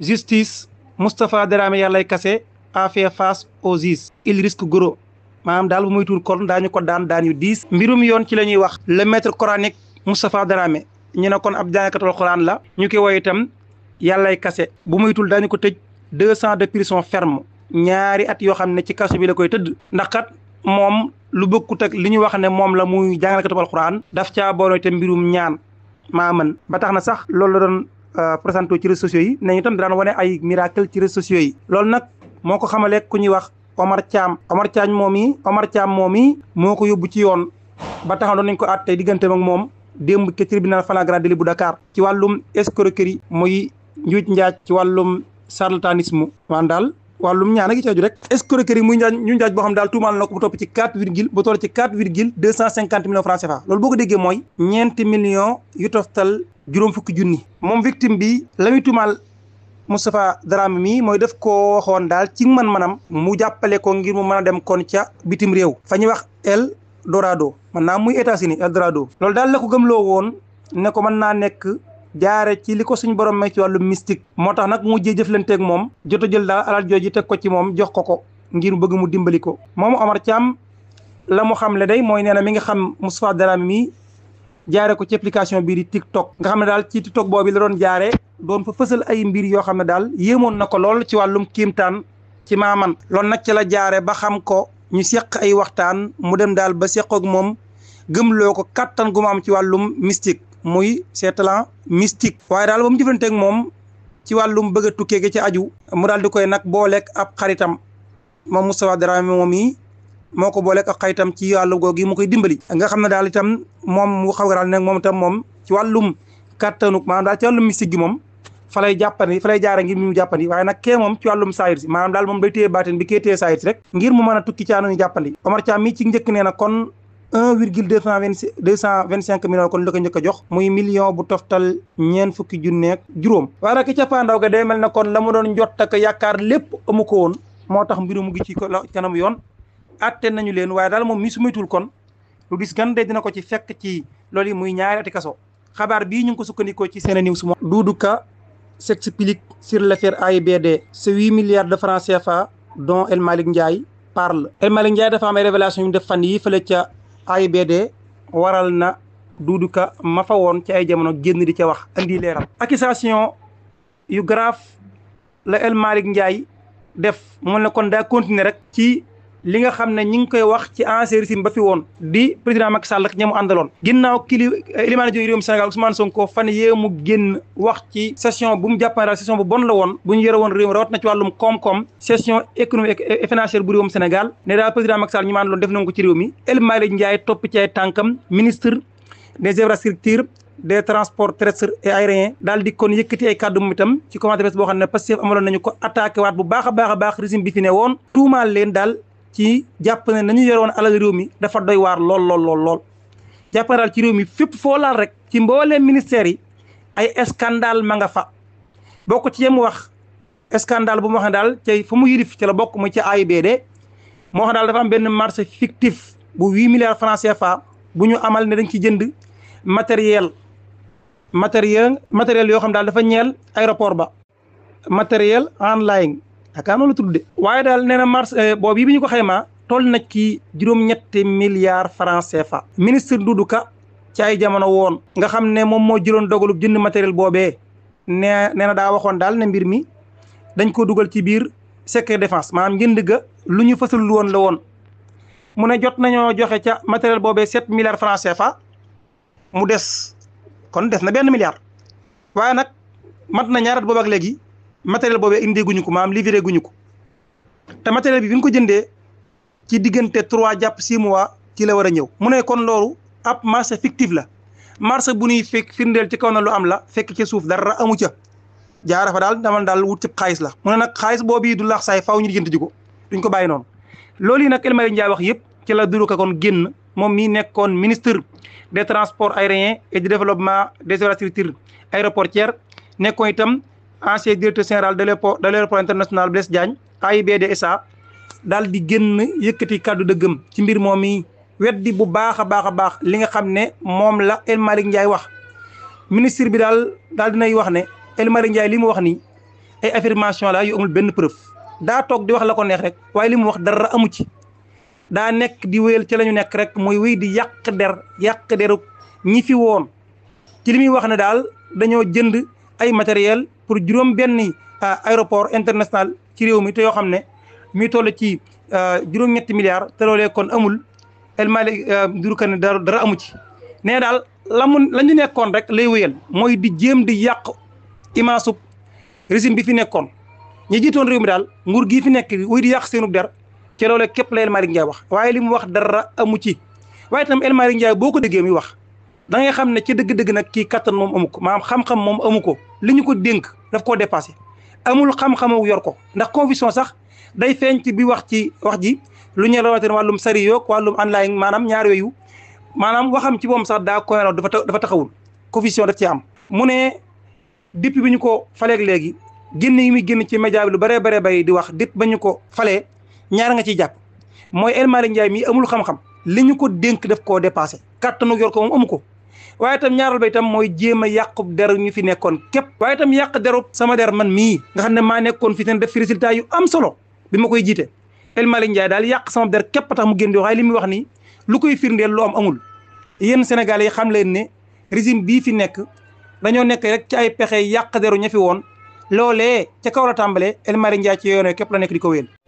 justice Moustapha Dramé yàllay kase a fait face aux juges il risque gros maanaam daal bu muy tuur kon daañu ko daan daan yu mbirum yoon ci la ñuy wax le maître coranique Moustapha Dramé ñu ne kon ab jàngkatul Quran la ñu koy woy itam yàllay kase bu muy tuur daañu ko tëj deux cents de prison ferme ñaari at yoo xam ne ci kaso bi la koy tëdd ndax kat moom lu bokkut ak li ñu wax ne moom la muy jàngalekatu Alxuraan daf caa boole te mbirum ñaan maa ba tax na Euh, présenté ci réseaux sociaux yi nañu tam daan wane ay miracle ci réseaux yi loolu nag moo ko xamalee ku ñuy wax Omar Thiam Omar Thiam moom yi Omar Thiam moom yi moo ko yóbbu ci yoon ba taxaw doon nañ ko àtte diggante ak moom démb ca tribunal flagrant délit bu Dakar ci wàllum escroquerie muy njuuj njaaj ci wàllum charlatanisme waan daal wàllum ñaan gi ci aju rek escroquerie muy njaaj ñu njaaj boo xam daal tuumaal na bu topp ci quatre virgule bu toll ci quatre virgule deux juróom fukki junni moom victime bi la muy tumaal Moustapha Dramé mi mooy def ko waxoon daal ci man-manam mu jàppale ko ngir mu mën a dem kon ca bitim réew fa ñuy wax El Dorado man naa muy États-Unis El Dorado loolu daal la ko gëm loo woon ne ko mën naa nekk jaare ci li ko suñu borom may ci wàllu mystique moo tax nag mu mujjee jëflanteeg moom jot a jël daal alal jooju teg ko ci moom jox ko ko ngir bëgg mu dimbali ko moomu Omar la mu xam le day mooy nee na mi nga xam Moustapha Dramé mii jaare ko ci application bii di TikTok nga xam ne daal ci TikTok boobu la doon jaaree doon fa fësal ay mbir yoo xam ne daal yéemoon na ko lool ci wàllum kiimtaan ci maaman lool nag ci la jaare ba xam ko ñu seq ay waxtaan mu dem daal ba seqoog moom gëmloo ko kattan gu mu am ci wàllum mystique muy ses talents mystique waaye daal ba mu jëfanteeg moom ci wàllum bëgg a ci aju mu daal di koy nag booleeg ab xaritam moom Moustapha Dramé moom moo ko booleeg ak xaytam ci wàllu googu mu koy dimbali nga xam ne daal itam moom mu xaw a nag moom tam moom ci wàllum kattanu maanaam daal ci wàllum mystique gi moom fa lay jàppandi fa lay jaare ngir mu jàppandi waaye nag kee moom ci wàllum saayir si maanaam daal moom day téye baatin bi kee téye saayir rek ngir mu mën a tukki ci anañu jàppandi Omar Thiam mi ci njëkk nee na kon un virgule deux cent vingt cinq millions kon la ko njëkk a jox muy million bu toftal ñeen fukki junneeg juróom waaye nag ca pandaw ga mel ne kon la mu doon njott ak yaakaar lépp amu ko woon moo tax mbiru mu ngi ci kanamu yoon atte nañu leen waaye daal moom mi su kon lu gis gan de dina ko ci fekk ci loolu yi muy ñaari ati kaso xabaar bii ñu ngi ko sukkandikoo ci seen news moom Doudou Ka s'explique sur l'affaire AIBD ce huit milliards de francs CFA don El Malick Ndiaye parle El Malick Ndiaye dafa am révélation yu def fan yi fële ca AIBD waral na Doudou Ka ma woon ci ay jamono génn di ca wax andi leeral accusation yu grave la El Malick Ndiaye def mu ne kon daa continuer ci li nga xam ne ñi ngi koy wax ci ancien régime ba fi woon di président Macky Sall ak ña mu àndaloon ginnaaw kili eh, limaana joy réewum Sénégal Ousmane ci session bu mu jàppane daal session bu bon la woon bu ñu yore woon réewum rawat na ci wàllum koom-koom session économique et financière bu réewum Sénégal ne daal président Macky Sall ñi def nañ ko ci réew mi El Malick Ndiaye topp ci ay tànkam ministre des infrastructures des transports terrestres et aériens daal di kon yëkkati ay kàddu itam ci commentaire bés boo xam ne Pastef ko attaqué waat bu baax a baax a baax régime bi fi ne woon tuumaal leen daal ci jàpp ne nañu yore woon alal réew mi dafa doy waar lool lool lool lool jàpp daal ci réew mi fépp foo laal rek ci mbooleem ministères yi ay scandale ma nga fa boo ko ci yem wax scandale bu ma xam daal cay fa mu yilif ci la bokk mu ci AIBD moo xam daal dafa am benn marché fictif bu huit milliards francs CFA bu ñu amal ne dañ ci jënd matériel matériel matériel yoo xam daal dafa ñeel aéroport ba matériel en yaakaar noonu la tudd de waaye daal nee na mars euh, boobu yi bi ñu ko xaymaa toll na ki juróom-ñetti milliards franc CFA ministre Doudou Ka ci ay jamono woon nga xam ne moom moo jëloon dogalub jënd matériel boobee nee nee na daa waxoon daal ne mbir mi dañ ko dugal ci biir secret défense maanaam njënd ga lu ñu fësalul woon la woon mu ne jot nañoo joxe ca matériel boobe sept milliards franc fa mu des kon des na benn milliard waaye nag mat na ñaarat boobu léegi matériel boobee indee guñu ko maanaam livré ñu ko te matériel bi bi nga ko jëndee ci diggante trois jàpp six mois ci la war a ñëw mu ne kon loolu ab marché fictif la marché bu nuy fekk firndeel ci kaw na lu am la fekk ci suuf dara amu ca jaara fa daal damal daal wut ci xaalis la mu ne nag xaalis boobu du laax saay faaw ñu jënd ji ko duñ ko bàyyi noonu loolu yi nag El Malick wax yëpp ci la duru ko kon génn moom mii nekkoon ministre des transport aériens et du développement des infrastructures aéroportières nekkoon itam ancien directeur général de l'aéroport de l'aéroport international Blaise Diagne AIBD SA daal di génn yëkkati kàddu dëggam ci mbir moom yi weddi bu baax a baax a baax li nga xam ne moom la El Malick Ndiaye wax ministre bi daal daal dinay wax ne El Malick li mu wax nii ay affirmation la yu amul benn preuve daa toog di wax la ko neex rek waaye li mu wax dara amu ci daa nekk di wéyal ci la ñu nekk rek mooy wéy di yàq der yàq deru ñi fi woon ci li muy wax na daal dañoo jënd ay matériel pour juróom benn euh, aéroport international ci réew mi te yoo xam ne mi toll ci euh, juróom-ñetti milliards te loole kon amul El Malick ne euh, Kane dara dara amu ci nee daal la mu la ñu nekkoon rek lay wéyal mooy di jéem di yàq image su régime bi fi nekkoon ñi jiitoon réew mi daal nguur gii fi nekk wuy di yàq seenub der ci loolee képp la El Malick Ndiaye wax waaye li mu wax dara amu ci waaye itam El Malick Ndiaye boo ko déggee mi wax da ngay xam ne ci dëgg-dëgg nag kii kattan moom amu ko maanaam xam-xam moom amu ko li ñu ko dénk daf koo dépassé amul xam-xamaw yor ko ndax conviction sax day feeñ ci bi wax ci wax ji lu ñu rawatina wàllum sari yoog wàllum online maanaam ñaar yooyu maanaam waxam ci moom sax daa cohérent dafa dafa taxawul conviction daf ci am mu ne depuis bi ñu ko faleeg léegi génn yi muy génn ci média lu bëree bëree bay di wax depuis ba ñu ko falee ñaar nga ciy jàpp mooy El Malick mii amul xam-xam li ñu ko dénk daf koo dépassé kattanu yor ko amu ko waaye itam ñaaral ba itam mooy jéem a yàqub deru ñu fi nekkoon képp waaye itam yàq derub sama der man mii nga xam ne maa nekkoon fi seen def fi résultat yu am solo bi ma koy jiite El Malick Ndiaye daal yàq sama der képp tax mu génn di li muy wax nii lu koy firndeel lu am amul yéen Sénégalais yi xam leen ne régime bii fi nekk dañoo nekk rek ci ay pexe yàq deru ña woon loolee ca kaw la tàmbalee El Malick Ndiaye ci yoonee képp la nekk di ko wéyal